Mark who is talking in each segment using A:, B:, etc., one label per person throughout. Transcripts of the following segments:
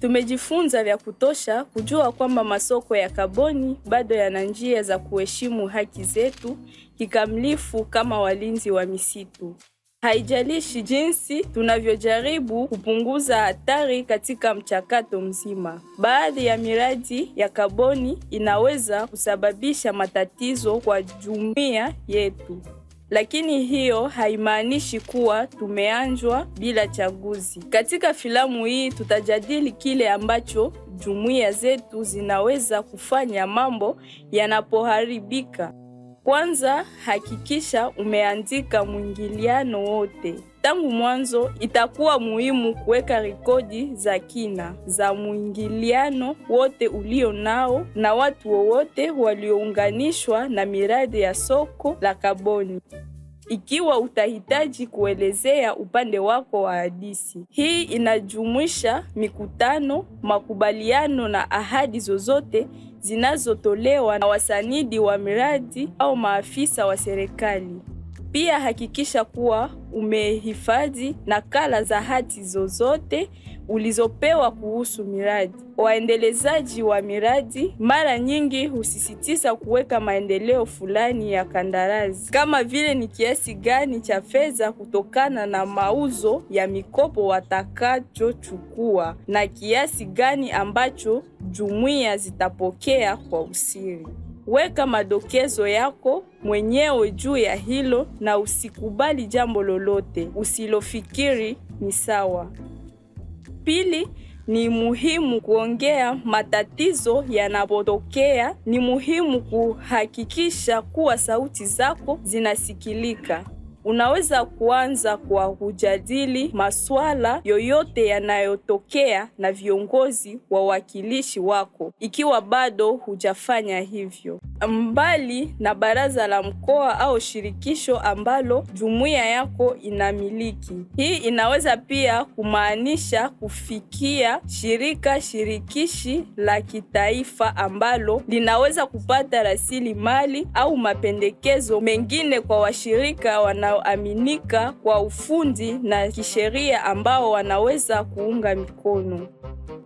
A: Tumejifunza vya kutosha kujua kwamba masoko ya kaboni bado yana njia za kuheshimu haki zetu kikamilifu kama walinzi wa misitu. Haijalishi jinsi tunavyojaribu kupunguza hatari katika mchakato mzima, baadhi ya miradi ya kaboni inaweza kusababisha matatizo kwa jumuiya yetu lakini hiyo haimaanishi kuwa tumeanjwa bila chaguzi. Katika filamu hii tutajadili kile ambacho jumuiya zetu zinaweza kufanya mambo yanapoharibika. Kwanza, hakikisha umeandika mwingiliano wote. Tangu mwanzo itakuwa muhimu kuweka rekodi za kina za mwingiliano wote ulio nao na watu wowote waliounganishwa na miradi ya soko la kaboni ikiwa utahitaji kuelezea upande wako wa hadisi. Hii inajumuisha mikutano, makubaliano na ahadi zozote zinazotolewa na wasanidi wa miradi au maafisa wa serikali. Pia hakikisha kuwa umehifadhi nakala za hati zozote ulizopewa kuhusu miradi. Waendelezaji wa miradi mara nyingi husisitiza kuweka maendeleo fulani ya kandarasi, kama vile ni kiasi gani cha fedha kutokana na mauzo ya mikopo watakachochukua na kiasi gani ambacho jumuiya zitapokea kwa usiri. Weka madokezo yako mwenyewe juu ya hilo na usikubali jambo lolote usilofikiri ni sawa. Pili, ni muhimu kuongea matatizo yanapotokea. Ni muhimu kuhakikisha kuwa sauti zako zinasikilika unaweza kuanza kwa kujadili masuala yoyote yanayotokea na viongozi wawakilishi wako, ikiwa bado hujafanya hivyo. Mbali na baraza la mkoa au shirikisho ambalo jumuiya yako inamiliki. Hii inaweza pia kumaanisha kufikia shirika shirikishi la kitaifa ambalo linaweza kupata rasilimali au mapendekezo mengine kwa washirika wana wanaoaminika kwa ufundi na kisheria ambao wanaweza kuunga mikono.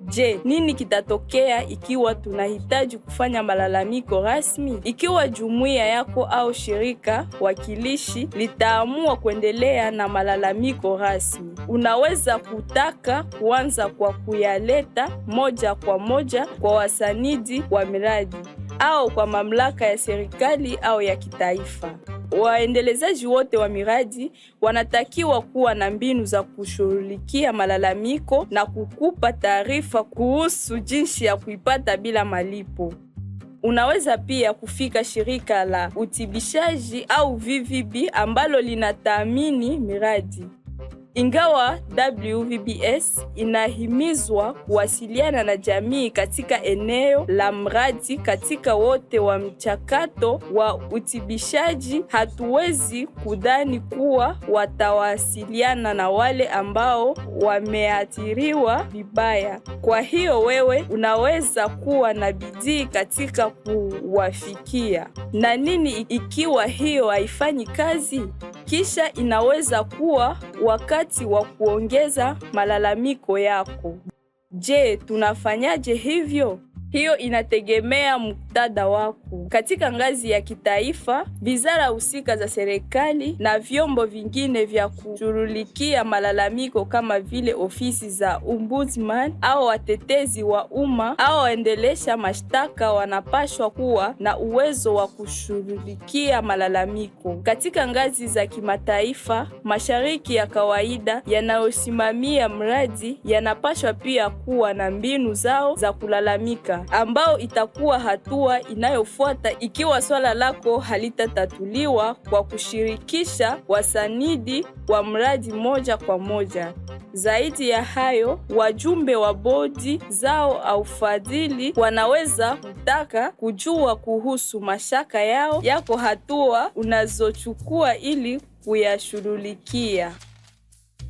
A: Je, nini kitatokea ikiwa tunahitaji kufanya malalamiko rasmi? Ikiwa jumuiya yako au shirika wakilishi litaamua kuendelea na malalamiko rasmi, unaweza kutaka kuanza kwa kuyaleta moja kwa moja kwa wasanidi wa miradi au kwa mamlaka ya serikali au ya kitaifa waendelezaji wote wa miradi wanatakiwa kuwa na mbinu za kushughulikia malalamiko na kukupa taarifa kuhusu jinsi ya kuipata bila malipo. Unaweza pia kufika shirika la utibishaji au VVB ambalo linataamini miradi. Ingawa WVBS inahimizwa kuwasiliana na jamii katika eneo la mradi katika wote wa mchakato wa utibishaji, hatuwezi kudhani kuwa watawasiliana na wale ambao wameathiriwa vibaya. Kwa hiyo wewe unaweza kuwa na bidii katika kuwafikia. Na nini ikiwa hiyo haifanyi kazi? kisha inaweza kuwa wakati wa kuongeza malalamiko yako. Je, tunafanyaje hivyo? Hiyo inategemea dada wako katika ngazi ya kitaifa, vizara husika za serikali na vyombo vingine vya kushughulikia malalamiko kama vile ofisi za ombudsman au watetezi wa umma au waendelesha mashtaka wanapashwa kuwa na uwezo wa kushughulikia malalamiko katika ngazi za kimataifa. Mashariki ya kawaida yanayosimamia mradi yanapashwa pia kuwa na mbinu zao za kulalamika, ambao itakuwa hatua hatua inayofuata ikiwa swala lako halitatatuliwa kwa kushirikisha wasanidi wa mradi moja kwa moja. Zaidi ya hayo, wajumbe wa bodi zao au fadhili wanaweza kutaka kujua kuhusu mashaka yao yako, hatua unazochukua ili kuyashughulikia.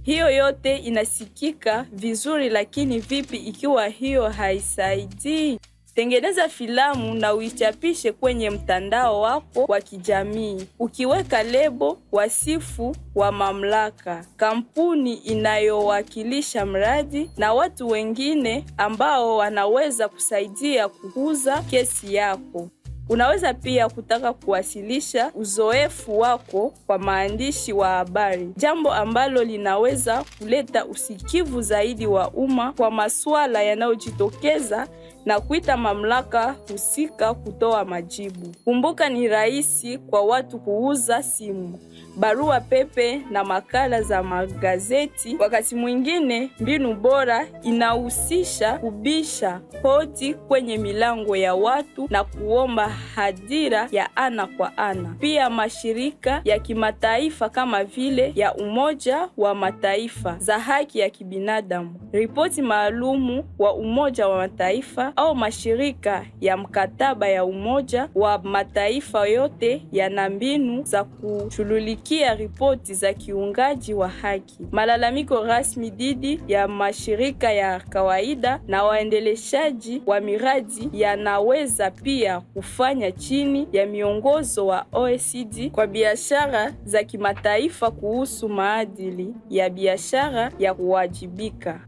A: Hiyo yote inasikika vizuri, lakini vipi ikiwa hiyo haisaidii? Tengeneza filamu na uichapishe kwenye mtandao wako wa kijamii ukiweka lebo wasifu wa mamlaka, kampuni inayowakilisha mradi na watu wengine ambao wanaweza kusaidia kukuza kesi yako. Unaweza pia kutaka kuwasilisha uzoefu wako kwa maandishi wa habari, jambo ambalo linaweza kuleta usikivu zaidi wa umma kwa masuala yanayojitokeza na kuita mamlaka husika kutoa majibu. Kumbuka, ni rahisi kwa watu kuuza simu, barua pepe na makala za magazeti. Wakati mwingine, mbinu bora inahusisha kubisha hodi kwenye milango ya watu na kuomba hadhira ya ana kwa ana. Pia mashirika ya kimataifa kama vile ya Umoja wa Mataifa za haki ya kibinadamu, ripoti maalumu wa Umoja wa Mataifa au mashirika ya mkataba ya Umoja wa Mataifa yote yana mbinu za kushughulikia ripoti za kiungaji wa haki, malalamiko rasmi dhidi ya mashirika ya kawaida na waendeleshaji wa miradi yanaweza pia kufanya chini ya miongozo wa OECD kwa biashara za kimataifa kuhusu maadili ya biashara ya kuwajibika.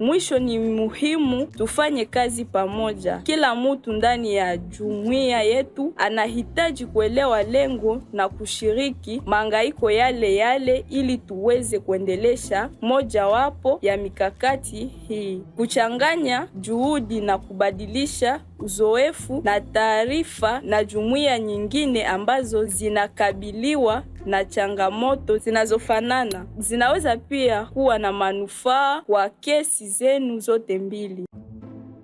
B: Mwisho, ni muhimu tufanye kazi pamoja. Kila mtu ndani ya jumuiya yetu anahitaji kuelewa lengo na kushiriki mangaiko yale yale, ili tuweze kuendelesha mojawapo ya mikakati hii. Kuchanganya juhudi na kubadilisha uzoefu na taarifa na jumuiya nyingine ambazo zinakabiliwa na changamoto zinazofanana zinaweza pia kuwa na manufaa kwa kesi zenu zote mbili.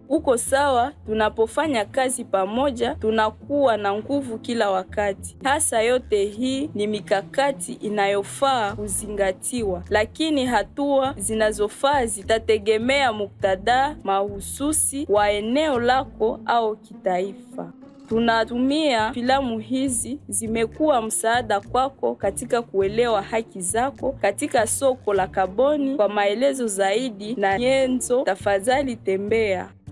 B: Uko sawa. Tunapofanya kazi pamoja, tunakuwa na nguvu kila wakati. Hasa yote hii ni mikakati inayofaa kuzingatiwa, lakini hatua zinazofaa zitategemea muktadha mahususi wa eneo lako au kitaifa tunatumia filamu hizi zimekuwa msaada kwako katika kuelewa haki zako katika soko la kaboni. Kwa maelezo zaidi na nyenzo, tafadhali tembea